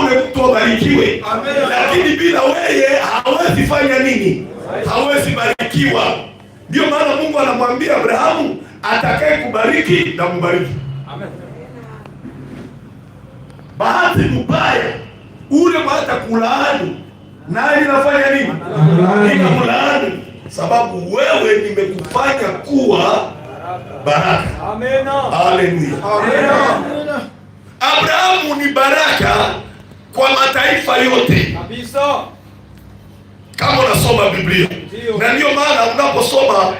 umekuwa ubarikiwe, lakini bila weye hawezi fanya nini? Hawezi barikiwa. Ndio maana Mungu anamwambia Abrahamu, atakaye kubariki na mubariki. Bahati mbaya ule hata kulaani naye inafanya nini? Inamlaani, sababu wewe nimekufanya kuwa baraka. Haleluya! Abrahamu ni baraka kwa mataifa yote kabisa, kama unasoma Biblia. Na ndiyo maana unaposoma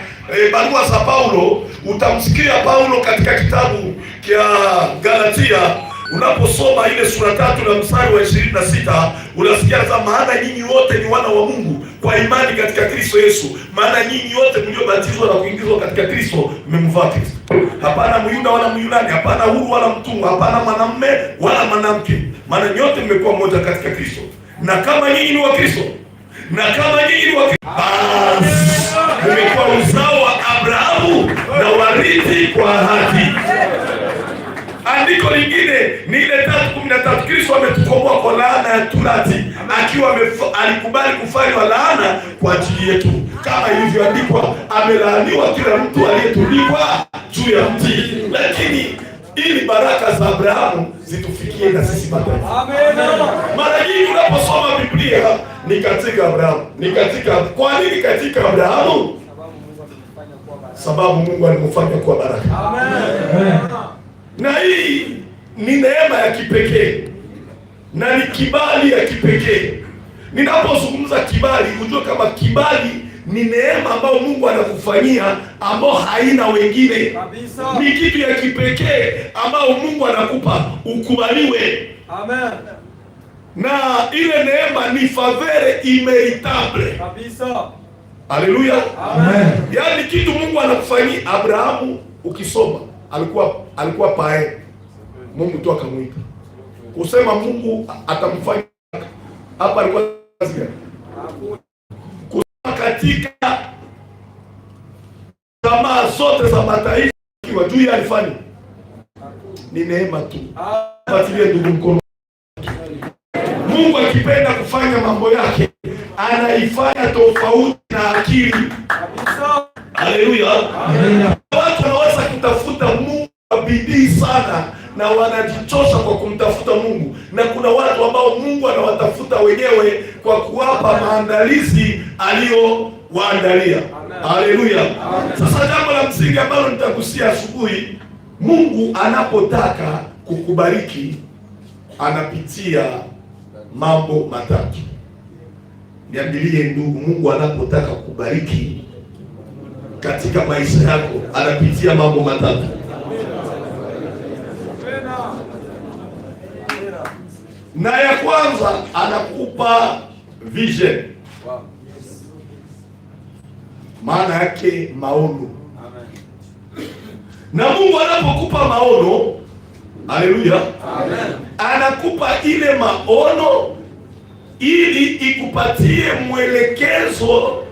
e, barua za Paulo utamsikia Paulo katika kitabu cha Galatia unaposoma ile sura tatu na mstari wa ishirini na sita unasikia za maana nyinyi wote ni wana wa Mungu kwa imani katika Kristo Yesu, maana nyinyi wote mliobatizwa na kuingizwa katika Kristo mmemvaa Kristo. Hapana Myuda wala Myunani, hapana huru wala mtumwa, hapana mwanamume wala mwanamke maana nyote mmekuwa moja katika Kristo, na kama nyinyi ni wa Kristo, na kama nyinyi ni wa Kristo, mmekuwa uzao wa Abrahamu na warithi kwa ahadi. Andiko lingine ni ile tatu kumi na tatu Kristo ametukomboa kwa laana ya turati, akiwa alikubali kufanywa laana kwa ajili yetu, kama ilivyoandikwa, amelaaniwa kila mtu aliyetundikwa juu ya mti. Lakini ili baraka za Abrahamu zitufikie na sisi mataifa. Mara nyingi unaposoma Biblia ni katika Abrahamu, ni katika kwa nini katika Abrahamu? Sababu Mungu alimfanya kuwa baraka. Amen. Na hii ni neema ya kipekee na ni kibali ya kipekee. Ninapozungumza kibali, hujue kama kibali ni neema ambayo Mungu anakufanyia ambao haina wengine, ni kitu ya kipekee ambayo Mungu anakupa ukubaliwe. Amen. Na ile neema ni favere imeritable kabisa. Haleluya. Amen. Yaani kitu Mungu anakufanyia. Abrahamu ukisoma alikuwa alikuwa pae, Mungu tu akamwita kusema Mungu atamfanya hapa alikuwa katika tamaa zote za mataifa kiwa juu ya alifani ni neema tu. Patilie ndugu mkono. Mungu akipenda kufanya mambo yake anaifanya tofauti na akili. Haleluya! Watu wanaweza kutafuta Mungu kwa bidii sana na wanajichosha kwa kumtafuta Mungu, na kuna watu ambao Mungu anawatafuta wenyewe kwa kuwapa maandalizi aliyowaandalia. Haleluya! Sasa jambo la msingi ambalo nitagusia asubuhi, Mungu anapotaka kukubariki anapitia mambo matatu. Niambilie ndugu, Mungu anapotaka kukubariki katika maisha yako anapitia mambo matatu. na ya kwanza anakupa vision. Wow. Yes. Maana yake maono. Amen. Na Mungu anapokupa maono, haleluya, anakupa ile maono ili ikupatie mwelekezo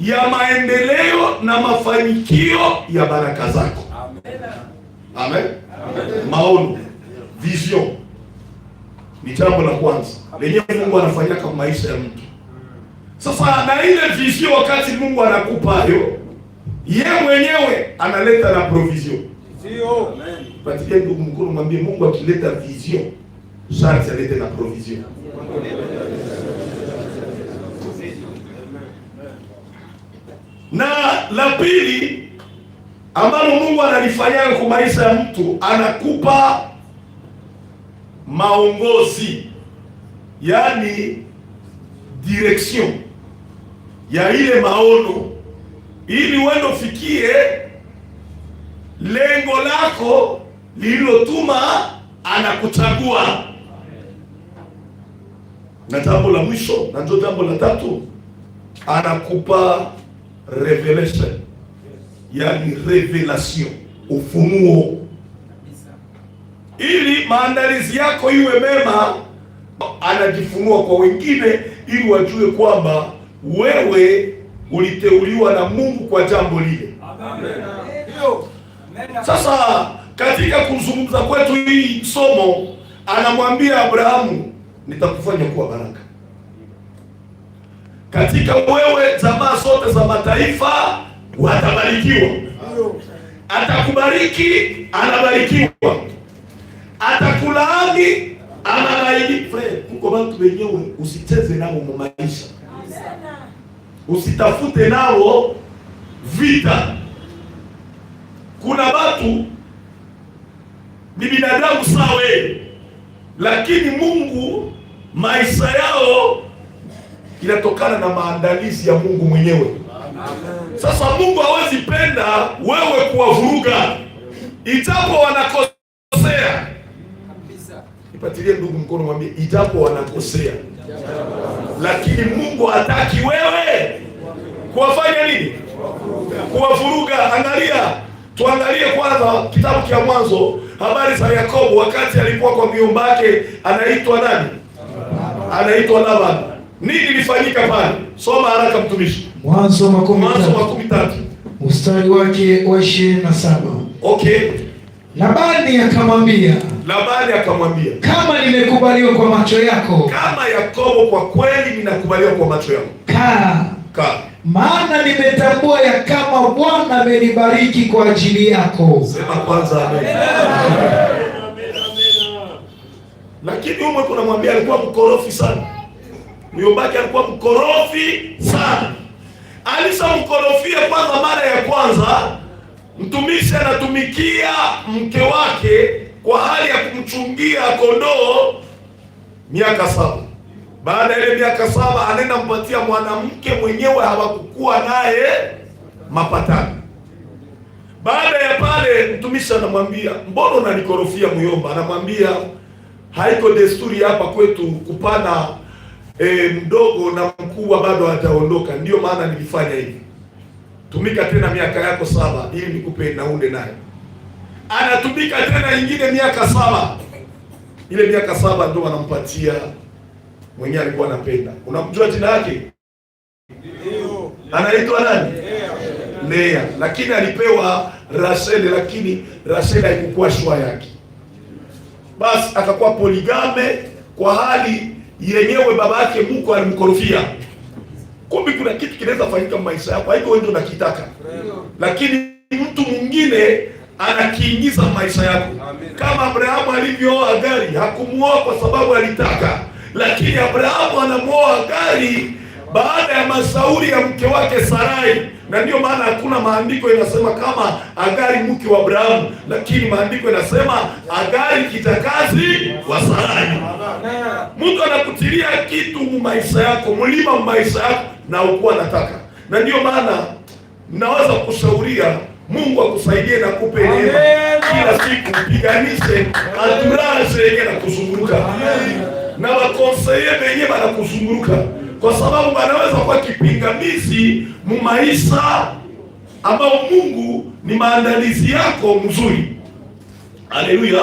ya maendeleo na mafanikio ya baraka zako. Amen. Amen. Amen. Maono vision ni jambo la kwanza lenyewe Mungu anafanyia kwa maisha ya mtu. Sasa na ile vision, wakati Mungu anakupa hiyo, ye mwenyewe analeta na provision, sio? ndugu mkono, mwambie Mungu akileta vision sharti alete na provision. Na la pili ambalo Mungu analifanyia kwa maisha ya mtu, anakupa maongozi, yaani direction ya ile maono, ili uende ufikie lengo lako lililotuma anakuchagua. Na jambo la mwisho, na ndio jambo la tatu, anakupa revelation, yaani revelation, ufunuo ili maandalizi yako iwe mema, anajifunua kwa wengine ili wajue kwamba wewe uliteuliwa na Mungu kwa jambo lile. Sasa katika kuzungumza kwetu hii somo, anamwambia Abrahamu, nitakufanya kuwa baraka katika wewe, jamaa zote za mataifa watabarikiwa. Atakubariki, anabarikiwa atakulaani amabaidi frere. Kuko bantu wenyewe usicheze nao mumaisha usitafute nao vita. Kuna batu ni binadamu sawe, lakini Mungu maisha yao inatokana na maandalizi ya Mungu mwenyewe. Sasa Mungu hawezi penda wewe kuwavuruga, ijapo wanakosea mpatilie ndugu mkono, mwambie itapo wanakosea, lakini Mungu hataki wewe kuwafanya nini? Kuwafuruga. Angalia, tuangalie kwanza kitabu cha Mwanzo, habari za Yakobo wakati alikuwa kwa miumba yake anaitwa nani? Anaitwa Laban. Nini ilifanyika pale? Soma haraka mtumishi. Mwanzo makumi tatu mstari wake wa ishirini na saba. Okay, Labani akamwambia Labani akamwambia, kama nimekubaliwa kwa macho yako, kama Yakobo, kwa kweli ninakubaliwa kwa macho yako, kaa kaa, maana nimetambua ya kama Bwana amenibariki kwa ajili yako. Sema kwanza amen. Lakini umwe kuna mwambia alikuwa mkorofi sana, baki, alikuwa mkorofi sana. Alisamkorofia kwanza, mara ya kwanza mtumishi anatumikia mke wake kwa hali ya kumchungia kondoo miaka saba. Baada ya ile miaka saba anaenda mpatia mwanamke mwenyewe, hawakukua naye mapatano. Baada ya pale, mtumishi anamwambia mbona unanikorofia myomba Anamwambia haiko desturi hapa kwetu kupana e, mdogo na mkubwa bado hajaondoka, ndiyo maana nilifanya hivi. Tumika tena miaka yako saba ili nikupe naunde naye anatumika tena ingine miaka saba. Ile miaka saba ndio wanampatia mwenyewe alikuwa anapenda. Unamjua jina yake Anaitwa nani? Lea. Lakini alipewa Rasheli, lakini Rasheli haikukuwa shua yake, basi akakuwa poligame kwa hali yenyewe. Baba yake Mungu alimkorofia. kumbi kuna kitu kinaweza fanyika maisha yako, haiko wewe ndio unakitaka, lakini mtu mwingine anakiingiza maisha yako Amen. Kama Abrahamu alivyooa Agari, hakumuoa kwa sababu alitaka, lakini Abrahamu anamwoa Agari baada ya mashauri ya mke wake Sarai, na ndiyo maana hakuna maandiko inasema kama Agari mke wa Abrahamu, lakini maandiko inasema Agari kitakazi wa Sarai. Mtu anakutilia kitu maisha yako, mlima maisha yako na ukuwa nataka, na ndiyo maana naweza kushauria Mungu akusaidie na kupe neema kila siku, piganishe anturage yenye na kuzunguruka na wakonseye venye banakuzunguruka, kwa sababu wanaweza kuwa kipingamizi mu ambao Mungu ni maandalizi yako mzuri. aleluya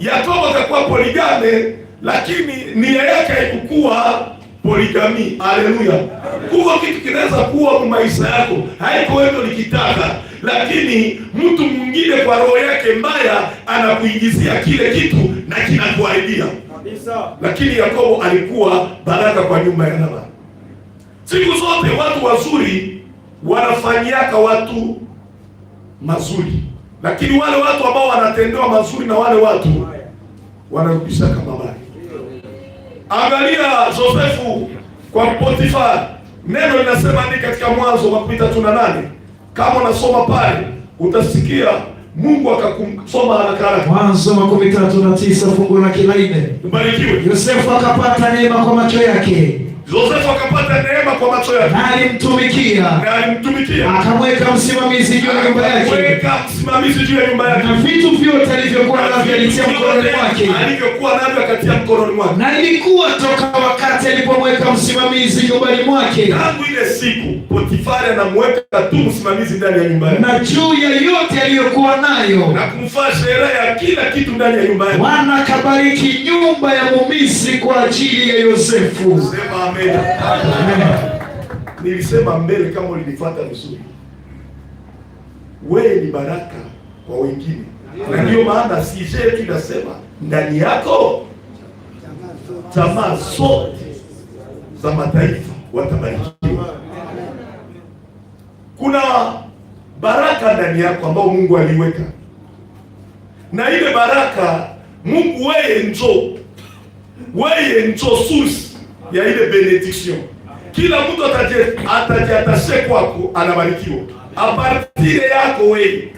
Yakobo akakuwa poligame, lakini nia yake haikukuwa poligami. Haleluya! Kuko kitu kinaweza kuwa kwa maisha yako, haiko wewe likitaka, lakini mtu mwingine kwa roho yake mbaya anakuingizia kile kitu na kinakuharibia lakini Yakobo alikuwa baraka kwa nyumba ya baba. Siku zote watu wazuri wanafanyiaka watu mazuri, lakini wale watu ambao wanatendewa mazuri na wale watu wanarudisha kama Angalia Josefu kwa Potifa, neno linasema ni katika Mwanzo makumi tatu na nane kama unasoma pale utasikia Mungu akakumsoma haraka. Mwanzo makumi tatu na tisa fungu la kila nne. Ubarikiwe. Yosefu akapata neema kwa macho yake Yosefu akapata neema kwa macho yake. Alimtumikia. Na alimtumikia. Akamweka msimamizi juu ya nyumba yake. Akamweka msimamizi juu ya nyumba yake. Na vitu vyote alivyokuwa navyo alitia mkononi mwake. Alivyokuwa navyo akatia mkononi mwake. Na ilikuwa toka wakati alipomweka msimamizi nyumbani mwake. Tangu ile siku Potifari anamweka tu msimamizi ndani ya nyumba yake. Na juu ya yote aliyokuwa nayo. Na kumfaa shehena ya kila kitu ndani ya nyumba yake. Bwana akabariki nyumba ya mumisi kwa ajili ya Yosefu. Sema Amen. Nilisema mbele, kama ulinifuata vizuri, wewe ni baraka kwa wengine, na ndio maana sije inasema ndani yako tamaa zote za mataifa watabarikiwa. Kuna baraka ndani yako ambayo Mungu aliweka, na ile baraka Mungu, wewe njo, wewe njo susi ya ile benediction. Kila mtu atajiatashe kwako anabarikiwa apartire yako wewe,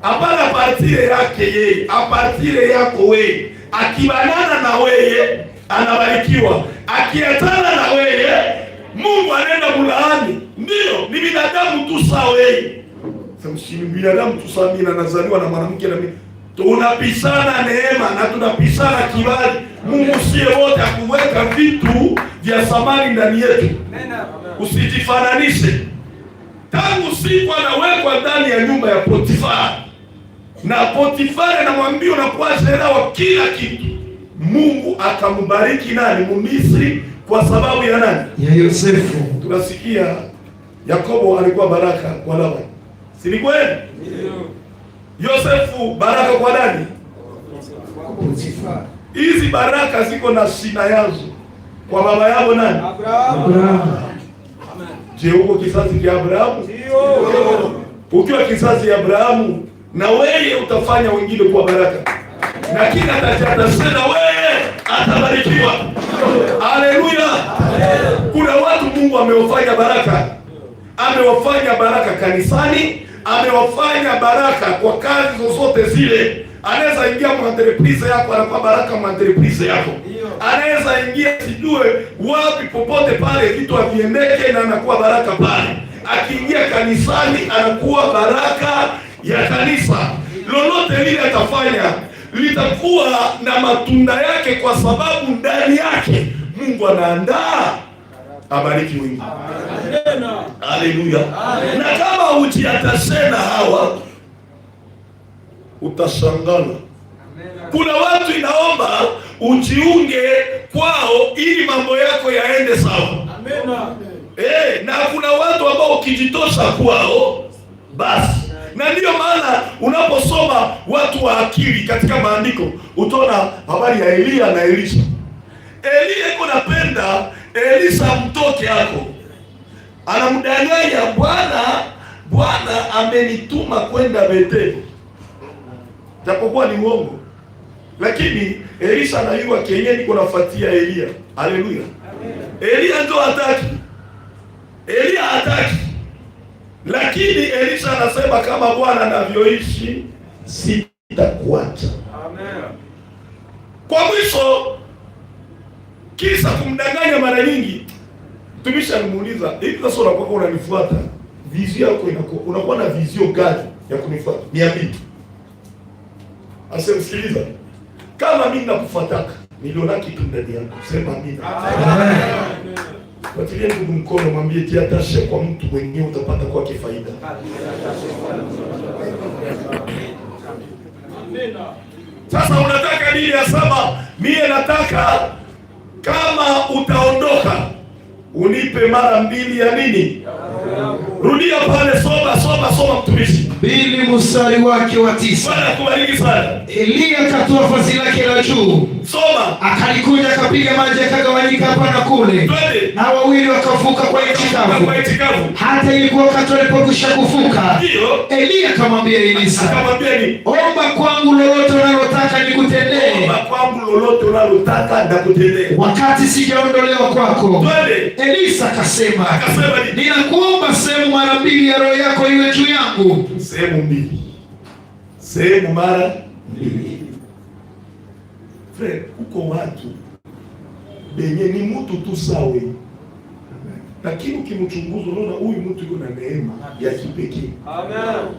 hapana partire yake yeye, apartire yako wewe. Akibanana na wewe anabarikiwa, akiatana na wewe Mungu anaenda kulaani. Ndio, ni binadamu tu sawa wewe, binadamu tu sawa. Mimi nazaliwa na mwanamke na mimi tunapishana neema na tunapishana kibali. Mungu sie wote akuweka vitu vya samani ndani yetu, usijifananishe. Tangu siku anawekwa ndani ya nyumba ya Potifara na Potifara anamwambia unakuwa shera wa kila kitu, Mungu akambariki nani? Mumisri kwa sababu ya nani? Ya Yosefu. Tunasikia Yakobo alikuwa baraka kwa Labani, si ni kweli? Yosefu baraka kwa nani? Hizi baraka ziko na shina yazo kwa baba yao nani? Abraham. Je, huko kizazi cha Abrahamu? Ukiwa kizazi ya Abrahamu na wewe utafanya wengine kuwa baraka, na kila atachatasena wewe atabarikiwa. Haleluya! Kuna watu Mungu amewafanya baraka, amewafanya baraka kanisani amewafanya baraka kwa kazi zozote zile. Anaweza ingia entreprise yako anakuwa baraka entreprise yako, anaweza ingia sijue wapi popote pale, kitu aviendeke na anakuwa baraka pale. Akiingia kanisani anakuwa baraka ya kanisa. Lolote lile atafanya litakuwa na matunda yake, kwa sababu ndani yake Mungu anaandaa abariki mwingi. Haleluya! Na kama ujiatasena hawa utasangana. Kuna watu inaomba ujiunge kwao ili mambo yako yaende sawa. Eh, na kuna watu ambao ukijitosha kwao basi na ndiyo maana unaposoma watu wa akili katika maandiko utaona habari ya elia na Elisha. Eliya iko napenda Elisa mtoke yako anamdanganya Bwana, Bwana amenituma kwenda Beteli, japokuwa ni uongo, lakini Elisa anayua kenyeni kunafuatia Elia. Haleluya, Elia ndo hataki, Elia hataki, lakini Elisa anasema kama Bwana anavyoishi sitakuacha. Amen. Kwa mwisho kisa kumdanganya mara nyingi. Mtumishi alimuuliza hivi, sasa unakuwa unanifuata, vizio yako inakuwa unakuwa na vizio gani ya kunifuata? mia mbili. Asemsikiliza, kama mimi nakufuataka niliona kitu ndani yako, sema amina. Patilie ndugu mkono, mwambie tia tashe kwa mtu mwenyewe, utapata kwake faida. Sasa unataka nini? ya saba, mie nataka kama utaondoka unipe mara mbili ya nini? Rudia pale, soma soma soma, mtumishi mbili mstari wake wa tisa. Bwana kubariki sana. Elia akatoa fasi lake la juu, soma, akalikunja akapiga maji akagawanyika hapa na kule, na wawili wakavuka kwa kavu. Hata ilikuwa wakati walipokwisha kuvuka, Elia akamwambia Elisa, omba kwangu lolote unalotaka nikutendee, omba kwangu lolote unalotaka nakutendee, wakati sijaondolewa kwako. Elisa akasema, ninakuomba sehemu mara mbili ya roho yako iwe juu yangu. Sehemu mbili, sehemu mara mbili. Fred, huko watu benye ni mtu tu sawe, lakini ukimchunguza unaona huyu mtu yuko na neema ya kipekee. Amen,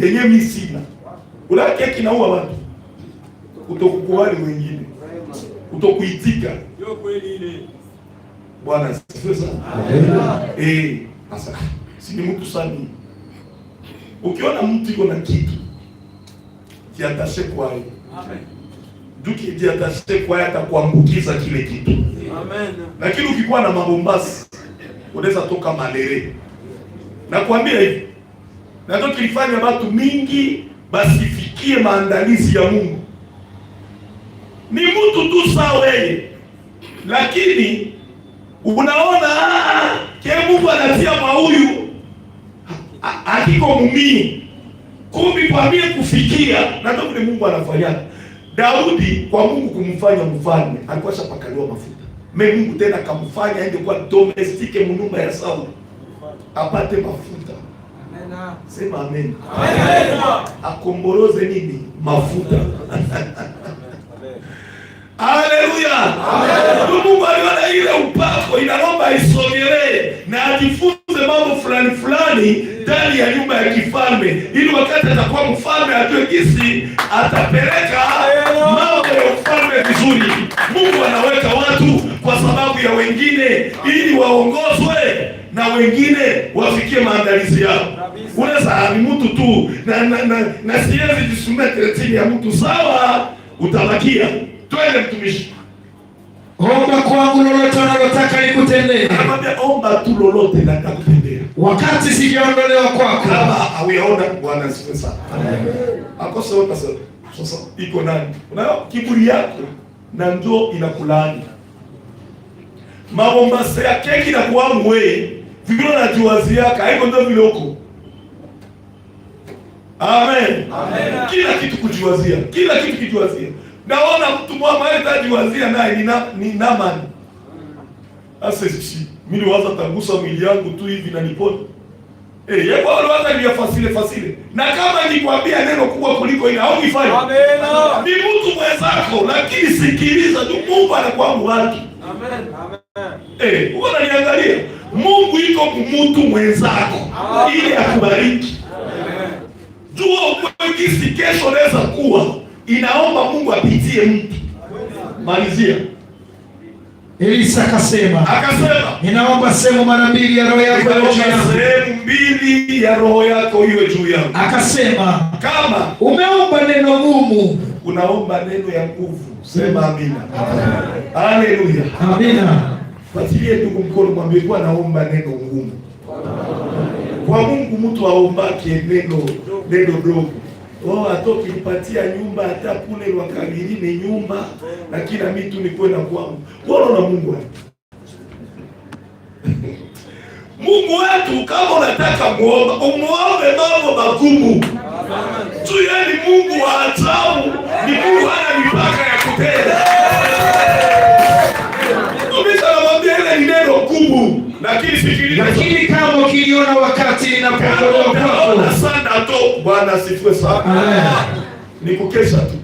yenye mimi sina. Ulake kinaua watu, kutokukubali wengine, kutokuitika, ndio kweli ile Bwana asifiwe sana. Eh, sasa si ni mtu sani. Ukiona mtu yuko na kitu kwa kwaye. Amen. Duki kwa kwaye atakuambukiza kile kitu. Amen. Lakini ukikuwa na mabombasi unaweza toka malere. Nakwambia hivi. Na ndio kilifanya watu mingi basifikie maandalizi ya Mungu. Ni mtu tu sawa yeye. Lakini Unaona eh, Mungu anatia mahuyu akiko mumii kumi kwa mie kufikia na Mungu anafanya. Daudi kwa Mungu kumfanya mfalme alikuwa shapakaliwa mafuta me Mungu tena akamfanya aende kwa domestike mnyumba ya Sauli apate mafuta. Amen, sema amen, amen. Akomboloze nini mafuta Haleluya! Mungu aliona ile upako inaomba isogelee na ajifunze mambo fulani fulani ndani ya nyumba ya kifalme, ili wakati atakuwa mfalme ajue jinsi atapeleka mambo ya ufalme vizuri. Mungu anaweka watu kwa sababu ya wengine, ili waongozwe na wengine wafikie maandalizi yao. Unaweza ni mtu tu na, na, na, na siwezi jisumia ya mtu sawa, utabakia twende mtumishi, omba kwangu lolote unalotaka nikutendee. Anamwambia omba tu lolote na nitakutendea, wakati sijaondolewa kwako. Kama hauyaona Bwana asifiwe sana. Hapo sasa sasa iko nani? Unayo kiburi yako na ndio inakulaani. Maombase ya keki na kuamu wewe vile unajiwazia yako haiko ndio vile huko. Amen. Amen. Kila kitu kujiwazia, kila kitu kujiwazia naona mtu mwamaetajiwazia naye ni ni namani Naamani. Sasa mimi niliwaza tangusa mwili yangu tu hivi na nipone eh, yeye kwa aliwaza ni fasile fasile, na kama nikwambia neno kubwa kuliko ile au nifanye amen ni mtu mwenzako, lakini sikiliza tu, Mungu anakuamu wake. Amen, amen. Eh, uko unaniangalia, Mungu iko mtu mwenzako ili akubariki. Amen, jua ukweli, kesho naweza kuwa inaomba Mungu apitie mtu. Malizia. Elisa akasema, akasema ninaomba sehemu mara mbili ya roho yako iwe juu yangu, sehemu mbili ya roho yako iwe juu yangu. Akasema kama umeomba neno gumu, unaomba neno ya nguvu. Sema amina. Haleluya, amina. Fatilie ndugu mkono, mwambie kuwa naomba neno ngumu kwa Mungu. Mtu aombake neno neno dogo wao atokilipatia nyumba hata kule ni nyumba na kila mitu ni kwenda kwangu. Wao na Mungu wetu Mungu wetu, kama unataka muomba umuombe mambo magumu tu, yaani Mungu wa ajabu ni Mungu hana mipaka ya kutenda. Tumesha namwambia ile ni neno gumu lakini kama ukiliona wakati linapoondoka kwako sana tu. Bwana asifiwe sana. Ni kukesha tu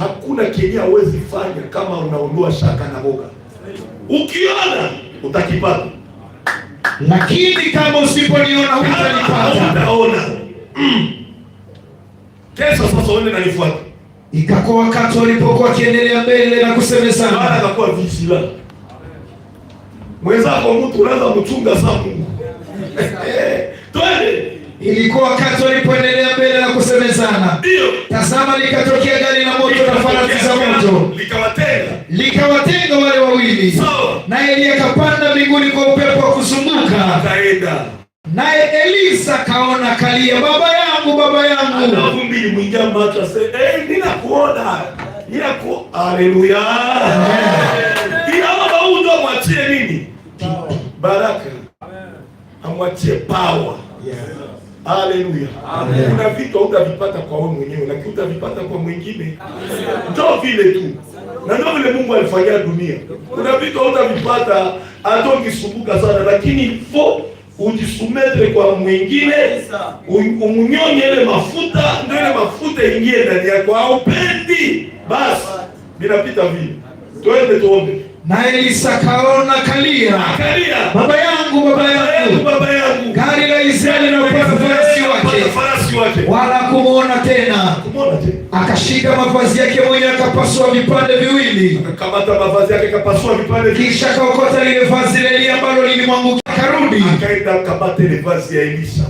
hakuna kenye hawezi fanya kama unaondoa shaka na boga. Ukiona utakipata, lakini kama usiponiona hutanipata. Utaona mm. Kesho sasa uende na nifuate. Ikakuwa wakati walipokuwa wakiendelea mbele na kusemezana, akakuwa visila mwenzako mtu unaweza kuchunga saa Mungu. Eh, twende. Ilikuwa wakati walipoendelea mbele na kusemezana, ndio tazama, likatokea gari la moto na farasi za moto, likawatenga likawatenga wale wawili. Sawa. Naye Eliya akapanda mbinguni kwa upepo wa kuzunguka, akaenda naye Elisa kaona kalia, baba yangu, baba yangu. Anavumbi mwingia macho ase, eh, nina kuona nina ku. Haleluya! Ila baba huyo mwachie nini baraka, amwachie power. Haleluya! Kuna vitu hautavipata kwa wewe mwenyewe, lakini utavipata kwa mwingine. Ndio vile tu, na ndio vile Mungu alifanyia dunia. Kuna vitu hautavipata hata ukisumbuka sana, lakini fo ujisumete kwa mwingine, um-, umunyonye ile mafuta, ndio ile mafuta ingie ndani yako. Haupendi basi, binapita vile, twende tuombe na Elisa kaona kalia, kalia, baba yangu, baba yangu, baba yangu, gari la Israeli na farasi wake, wala kumuona tena. Akashika mavazi yake mwenyewe akapasua vipande viwili, akakamata mavazi yake akapasua vipande, kisha kaokota lile vazi la Elia ambalo lilimwangukia, karudi akaenda akabate ile vazi ya Elisa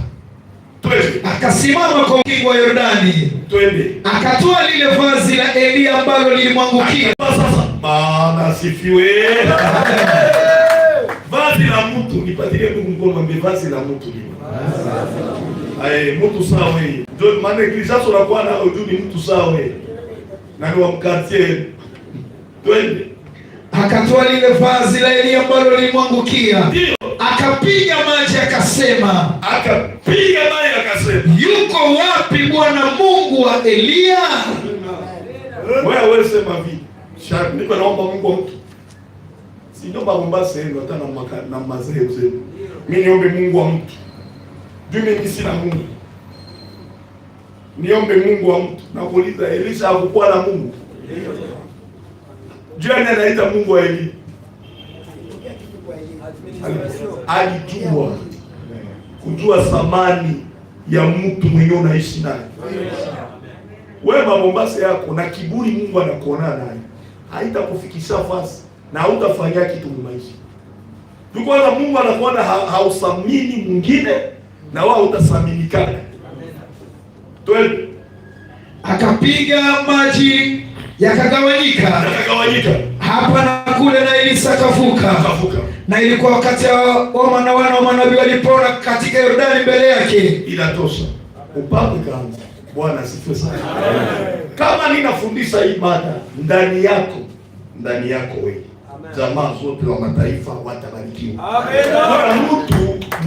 akasimama kwa ukingo wa Yordani, twende, akatoa lile vazi la Elia ambalo lilimwangukia. Sasa Bwana asifiwe. Vazi la mtu nipatilie ndugu mkono, mwambie vazi la mtu ni mtu Ndio maana juu ni mtu Na ni Twende. Akatoa lile vazi la Elia ambalo lilimwangukia. Akapiga maji akasema, akapiga maji akasema, yuko wapi Bwana Mungu wa Elia? Wewe sema shari niko naomba Mungu mtu sinomba Mombasa yenu hata na maka, na mazehe zenu. Mimi niombe Mungu wa mtu juu mimi sina Mungu, niombe Mungu wa mtu. Nakuuliza, Elisha hakukuwa na Mungu? Juu yeye anaita Mungu wa Eli alijua kujua thamani ya mtu mwenye unaishi naye. Wewe Mombasa yako na kiburi, Mungu anakuona naye haitakufikisha fasi na hautafanyia kitu maisha. Kwanza Mungu anakuona hausamini mwingine na wao utasaminikana. Akapiga maji yakagawanyika, yakagawanyika hapa na kule, na ilisakafuka Kafuka. Na ilikuwa wakati wa wana wa manabii walipona katika Yordani mbele yake. Inatosha, upako kaanza Bwana asifiwe sana. Kama ninafundisha hii mada ndani yako, ndani yako wewe, jamaa zote wa mataifa watabarikiwa. Amen. Mtu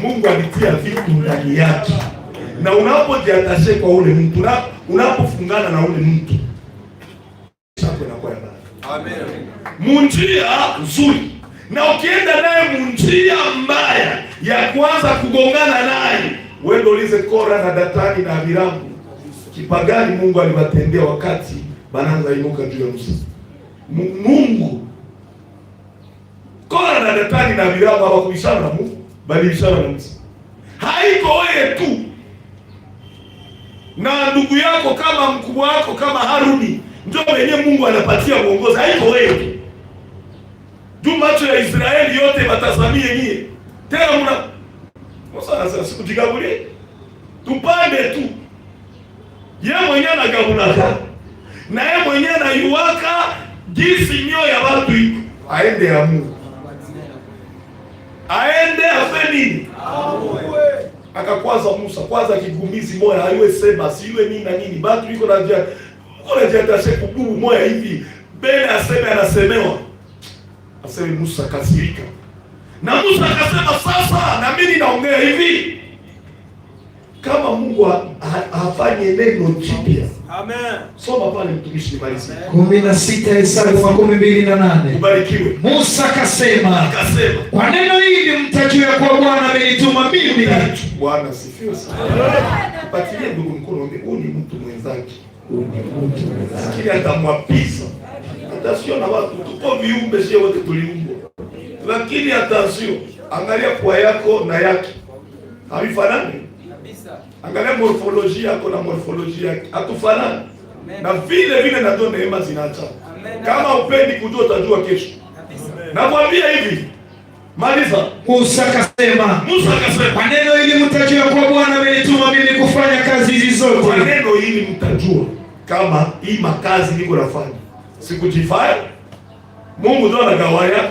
Mungu alitia vitu ndani yake, na unapojiatashe kwa ule mtu, unapofungana na ule mtu munjia nzuri, na ukienda naye munjia mbaya ya kwanza kugongana naye, wendo ulize Kora na Datani na Abiramu kipagani Mungu aliwatendea wakati bananza inuka juu ya Musa. Mungu Kora na Datani na Abiramu hawakubishana na Mungu, bali bishana na Musa. Haiko wewe tu na ndugu yako kama mkubwa wako kama Haruni, ndio wenyewe Mungu anapatia uongozi, haiko wewe tu juu. Macho ya Israeli yote watazamie nyie, tena mna Musa anasema tupande tu ye mwenyewe anagabulaka na ye mwenyewe anayuwaka jinsi nyo ya watu iko, aende ya Mungu, aende afe nini? Akakwaza Musa kwaza kigumizi moya aiwe seba siwe nini na nini, batu iko tashe kugumu moya hivi bele aseme anasemewa aseme. Musa kasirika na Musa akasema, sasa na mimi naongea hivi kama Mungu hafanyi neno jipya. Amen. Soma pale mtumishi, nimalizie. kumi na sita Hesabu kumi mbili na nane. Ubarikiwe. Musa kasema, akasema kwa neno hili mtajua kwa Bwana amenituma mimi. Bwana sifiwe sana. Patilie ndugu mkono, huu ni mtu mwenzake, lakini Hata sio na watu. Tuko viumbe, sio wote tuliumbwa, lakini hata sio Angalia kwa yako na yake havifanani Angalia morfologi yako na morfolojia yake hatufanani, na vile vile ndio neema zinaacha. Kama upendi kujua, utajua kesho. Nakwambia hivi Maliza. Musa akasema, Musa akasema, kwa neno hili mtajua kwa Bwana amenituma mimi kufanya kazi hizi zote. Kwa neno hili mtajua kama hii makazi niko nafanya sikujifanya, Mungu ndo anagawanya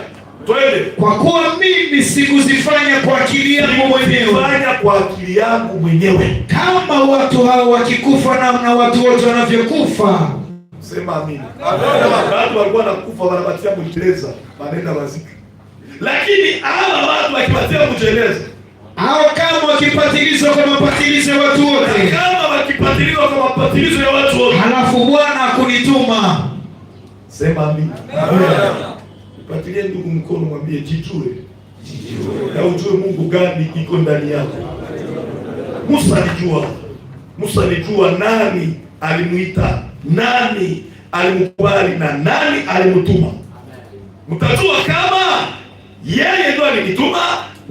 Twende. Kwa kuwa mimi sikuzifanya kwa akili yangu mwenyewe. Fanya kwa akili yangu mwenyewe. Kama watu hao wakikufa namna watu wote wanavyokufa. Sema amina. Watu walikuwa wanakufa wanapatia Mwingereza, wanaenda wazika. Lakini hawa watu wakipatia Mwingereza Hao kama wakipatilizwa kwa mapatilizo ya watu wote, kama wakipatilizwa kwa mapatilizo ya watu wote, halafu Bwana akunituma. Sema amina mpatilie ndugu mkono, mwambie jijue, na ujue Mungu gani iko ndani yako. Musa alijua, Musa alijua nani alimuita, nani alimkubali na nani alimtuma. Mtajua kama yeye ndo alinituma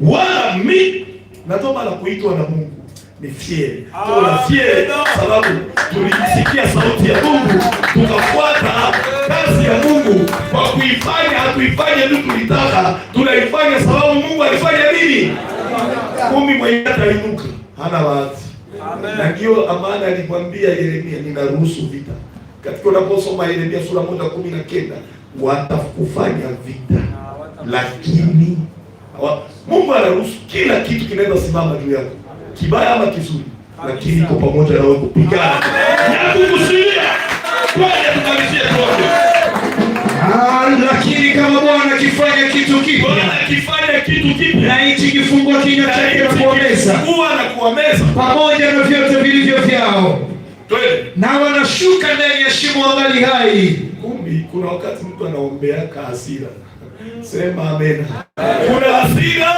wala mi. natoba la kuitwa na Mungu ni fiel. Tuna fieri sababu tulisikia sauti ya Mungu tukafuata kazi ya Mungu kwa kuifanya. Hatuifanye tu tulitaka, tunaifanya sababu Mungu alifanya nini? Kumi mwenye atainuka hana bahati, na ndio amana alimwambia Yeremia, ninaruhusu vita. Katika unaposoma Yeremia sura moja kumi na kenda watakufanya vita, ah, lakini Mungu anaruhusu kila kitu kinaweza simama juu yako kibaya ama kizuri, lakini niko pamoja nawe kupigana na kukusudia kwaja tukamizie kote. Ah, lakini kama Bwana akifanya kitu kipya, Bwana akifanya kitu kipya, na nchi kifungua kinywa chake na kuwameza, huwa na kuwameza pamoja na vyote vilivyo vyao, na wanashuka ndani ya shimo wangali hai. Kumbi kuna wakati mtu anaombeaka hasira, sema amena. Kuna hasira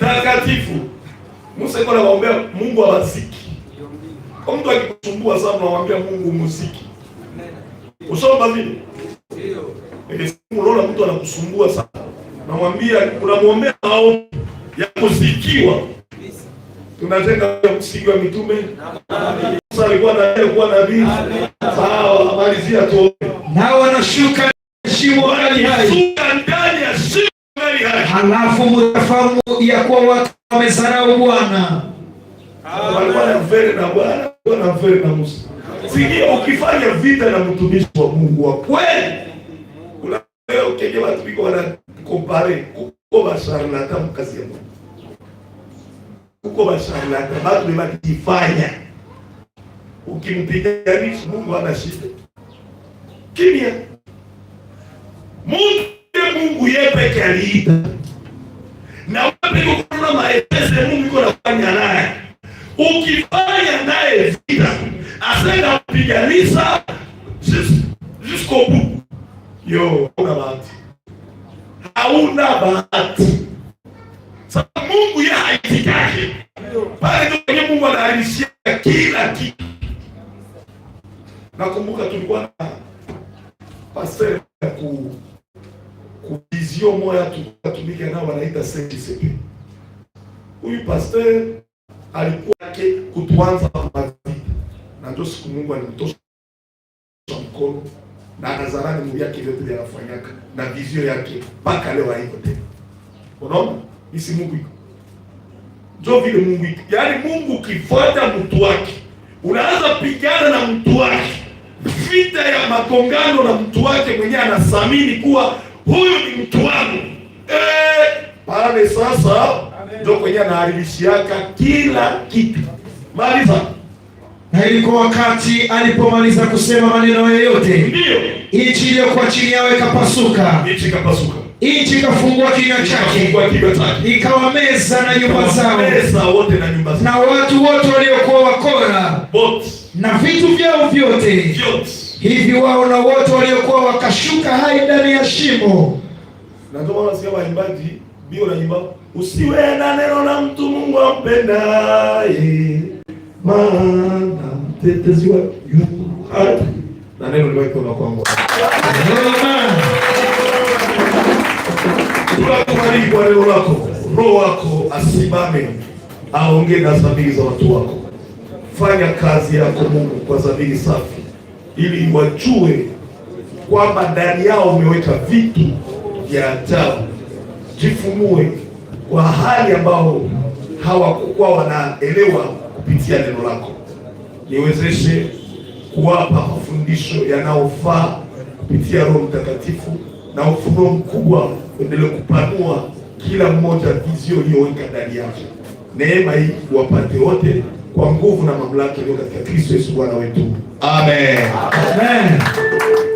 takatifu Musa yuko anawaombea Mungu wa riziki. Kwa mtu akikusumbua sana unamwambia Mungu muziki. Usoma vile. Ndio. Nikisikia unaona mtu anakusumbua sana. Namwambia unamwombea maombi ya kuzikiwa. Tunatenga msingi wa mitume. Musa alikuwa na kuwa nabii. Sawa, malizia tu. Na wanashuka shimo hali hai. Shuka ndani ya shimo hali hai. Halafu mtafahamu ya kuwa watu Wamesarau Bwana, walikuwa na mferi ukifanya vita na mtumishi wa Mungu wa kweli, kuna leo kenye watu biko wana kompare kuko basharlata mkazi ya Mungu, kuko basharlata batu ni bakifanya, ukimpiganisha Mungu hana shida, kimya. Mungu Mungu yeye peke aliita na wapi ukifanya naye vita asenda kupiganisa jisko buku yo, hauna bahati hauna bahati sababu Mungu ye haitikake pale, ndio kwenye Mungu anaharishia kila kitu. Nakumbuka tulikuwa na pastor ku kuvizio moya tukatumika nao wanaita sekisepe, huyu pastor alikuwa yake kutuanza mazidi na ndio siku Mungu alimtosha mkono na anazarani mu yake vyote vya anafanyaka na vizio yake mpaka leo haiko tena. Unaona isi Mungu iko ndio vile Mungu iko, yaani Mungu ukifuata mtu wake unaanza pigana na mtu wake, vita ya makongano na mtu wake mwenyewe anasamini kuwa huyu ni mtu wangu eh, pale sasa ndio kwenye anaharibishiaka kila kitu maarifa. Na ilikuwa wakati alipomaliza kusema maneno yeyote nchi iliyokuwa chini yao ikapasuka, nchi ikafungua kinywa chake, ikawa meza na nyumba zao, na watu wote waliokuwa wakora na vitu vyao vyote hivi wao na wote waliokuwa wakashuka hai ndani ya shimo. Na ndio maana bio na nyumba Usiwe na neno na mtu Mungu ampendaye, maana mtetezi wa yupo hadi na neno lake kwangu. Tunakubariki kwa neno lako, roho wako asimame aongee na dhamiri za watu wako. Fanya kazi yako Mungu kwa dhamiri safi, ili wajue kwamba ndani yao umeweka vitu vya ajabu. Jifunue wa hali ambao hawakuwa wanaelewa kupitia neno lako. Niwezeshe kuwapa mafundisho yanayofaa kupitia Roho Mtakatifu na ufunuo mkubwa, endelee kupanua kila mmoja vizio iliyoweka ndani yake. Neema hii wapate wote kwa nguvu na mamlaka iliyo katika Kristo Yesu Bwana wetu. Amen. Amen. Amen.